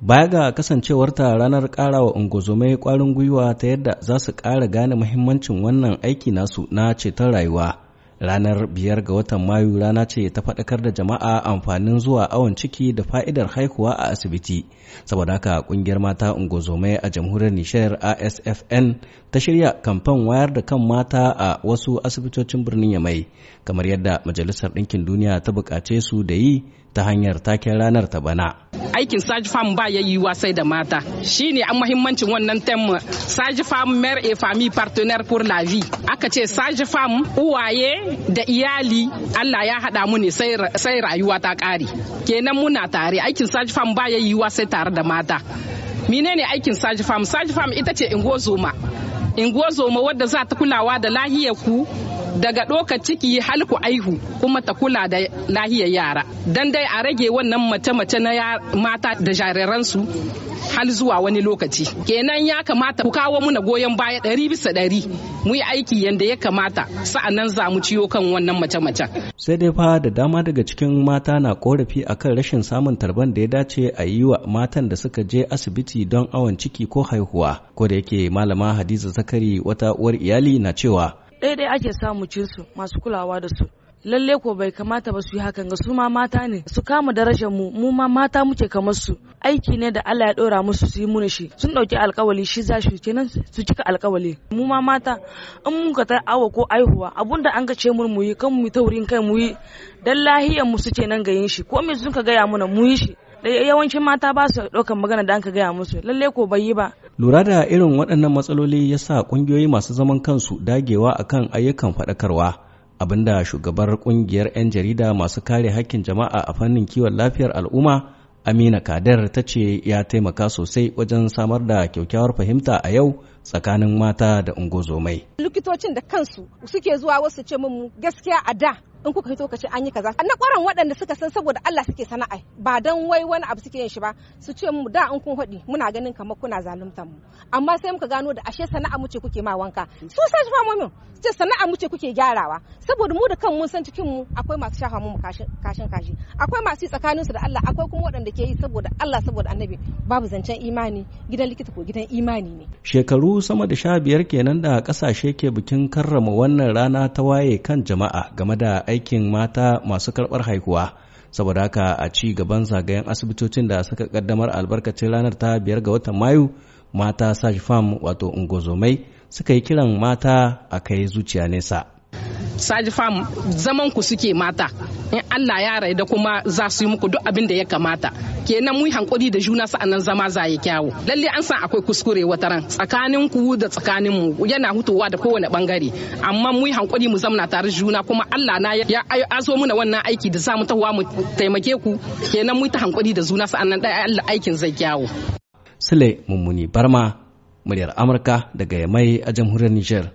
Baya ga kasancewarta ranar wa ungozomai kwarin gwiwa ta yadda za su ƙara gane muhimmancin wannan aiki nasu na ceton rayuwa. ranar biyar ga watan mayu rana ce ta faɗakar da jama'a amfanin zuwa awon ciki da fa'idar haihuwa a asibiti saboda haka ƙungiyar mata ungozomai a jamhuriyar nishiyar asfn ta shirya kamfan wayar da kan mata a wasu asibitocin birnin yamai kamar yadda majalisar ɗinkin duniya ta buƙace su da yi ta hanyar taken ranar ta bana aikin Farm ba ya yiwuwa sai da mata shine an mahimmancin wannan tema Farm mer e Fami partenaire pour la vie aka ce sajifam uwaye da iyali Allah ya haɗa mu ne sai rayuwa ta ƙare kenan muna tare aikin saji Farm ba ya yiwuwa sai tare da mata menene aikin saji Farm saji Farm ita ce ingozoma ingozoma wadda za ta kulawa da lahiyar ku daga ɗoka ciki ku aihu kuma ta kula da lahiyar yara dan dai a rage wannan mace-mace na mata da jariransu hal zuwa wani lokaci kenan ya kamata ku kawo muna goyon baya ɗari bisa ɗari mu yi aiki yadda ya kamata sa'annan za mu ciyo kan wannan mace mace sai dai fa da dama daga cikin mata na korafi akan rashin samun tarban da ya dace a yi wa matan da suka je asibiti don awon ciki ko haihuwa ko da yake malama hadiza zakari wata uwar iyali na cewa ɗaya ake samu cinsu masu kulawa da su lalle ko bai kamata ba su yi hakan ga su ma mata ne su kama darajar mu mu ma mata muke kamar su aiki ne da Allah ya dora musu su yi muni shi sun dauki alkawali shi za shi kenan su cika alkawali mu ma mata in mun ka awa ko aihuwa abunda an ga ce mun mu yi kan mu taurin kai mu yi dan lahiyar mu su kenan ga yin shi ko me sun ka gaya mana mu yi shi yawancin mata ba su daukan magana da an ka gaya musu lalle ko bai yi ba Lura da irin waɗannan matsaloli ya sa ƙungiyoyi masu zaman kansu dagewa a kan ayyukan faɗakarwa, abinda shugabar ƙungiyar 'yan jarida masu kare hakkin jama'a a fannin kiwon lafiyar al'umma Amina kadar ta ce ya taimaka sosai wajen samar da kyaukyawar fahimta a yau tsakanin mata da ungozomai. Likitocin da kansu suke zuwa wasu ce mu gaskiya a da in kuka hito ce an yi kaza na kwaran waɗanda suka san saboda Allah suke sana'a ba dan wai wani abu suke yin shi ba su ce mu da in kun haɗi muna ganin kamar kuna zaluntar mu amma sai muka gano da ashe sana'a mu ce kuke ma wanka su san shi famomin ce sana'a mu ce kuke gyarawa saboda mu da kan mun san cikin mu akwai masu shafa mu kashin kashi akwai masu yi tsakanin su da Allah akwai kuma waɗanda ke yi saboda Allah saboda Annabi babu zancen imani gidan likita ko gidan imani ne shekaru sama da sha biyar kenan da kasashe ke bikin karrama wannan rana ta waye kan jama'a game da aikin mata masu karɓar haihuwa saboda haka a ci gaban zagayen asibitocin da suka kaddamar albarkacin ranar ta biyar ga watan mayu mata sashi fam wato ungozomai suka yi kiran mata a kai zuciya nesa saji fam zaman ku suke mata in Allah ya raida kuma za su yi muku duk abin da ya kamata kenan mu hankuri da juna sa'annan zama za ya kyawu lalle an san akwai kuskure wataran tsakanin ku da tsakanin mu yana hutuwa da kowane bangare amma mu hankuri mu zamna tare juna kuma Allah na ya azo muna wannan aiki da zamu tawa mu taimake ku kenan mu ta hankuri da juna sa'annan dai Allah aikin zai kyawu Sule Mummuni Barma muryar Amurka daga Yamai a jamhuriyar Nijar.